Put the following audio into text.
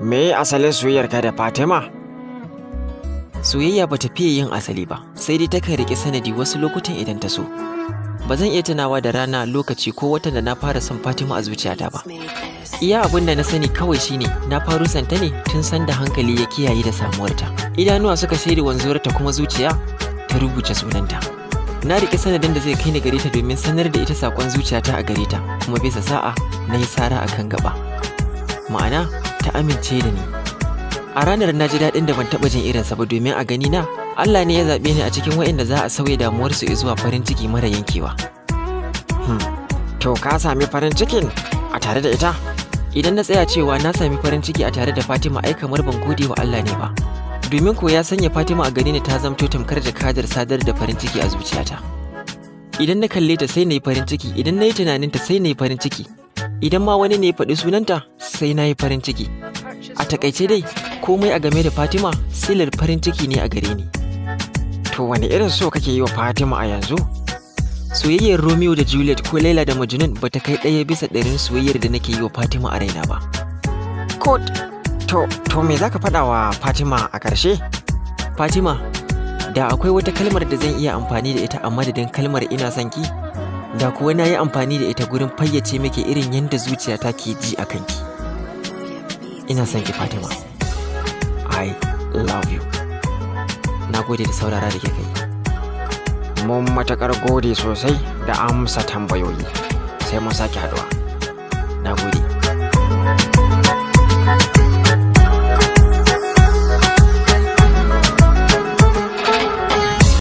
me asalin ka da Fatima? Soyayya ba ta fiye yin asali ba, sai dai takan riƙe sanadi wasu lokutan idan ta so. Ba zan iya tunawa da rana lokaci ko watan da na fara son Fatima a zuciyata ba. Iya abin da na sani kawai shine na faru santa ne tun sanda hankali ya kiyaye da samuwarta. Idanuwa suka shaida ta kuma zuciya ta rubuce sunanta. na riƙe sanadin da zai kai ni gare ta domin sanar da ita saƙon zuciyata a gare ta kuma bisa sa'a na yi sara a kan gaba ma'ana ta amince da ni a ranar na ji daɗin da ban taɓa jin irinsa ba domin a gani na Allah ne ya zaɓe ni a cikin waɗanda za a sauya damuwarsu zuwa farin ciki mara yankewa hmm. to ka sami farin cikin a tare da ita idan na tsaya cewa na sami farin ciki a tare da Fatima ai kamar ban gode wa Allah ne ba domin ko ya sanya Fatima a gani ni ta zamto tamkar jakadar sadar da farin ciki a zuciyata idan na kalle ta sai na yi farin ciki idan na yi tunaninta sai na yi farin ciki idan ma wani ne ya faɗi sunanta sai na yi farin ciki a takaice dai komai a game da fatima silar farin ciki ne a gare ni to wani irin so kake yi wa fatima a yanzu soyayyar romeo da juliet ko laila da majnun ba ta kai ɗaya bisa ɗarin soyayyar da nake yi wa fatima a raina ba ko to to me zaka faɗa wa fatima a ƙarshe fatima da akwai wata kalmar da zan iya amfani da ita a madadin kalmar ina son ki da kuwa na yi amfani da ita gurin fayyace miki irin yadda zuciyata ke ji a kanki. ina son fatima i love you na gode da saurara da ke kai mun matakar gode sosai da amsa tambayoyi sai mun sake haduwa na gode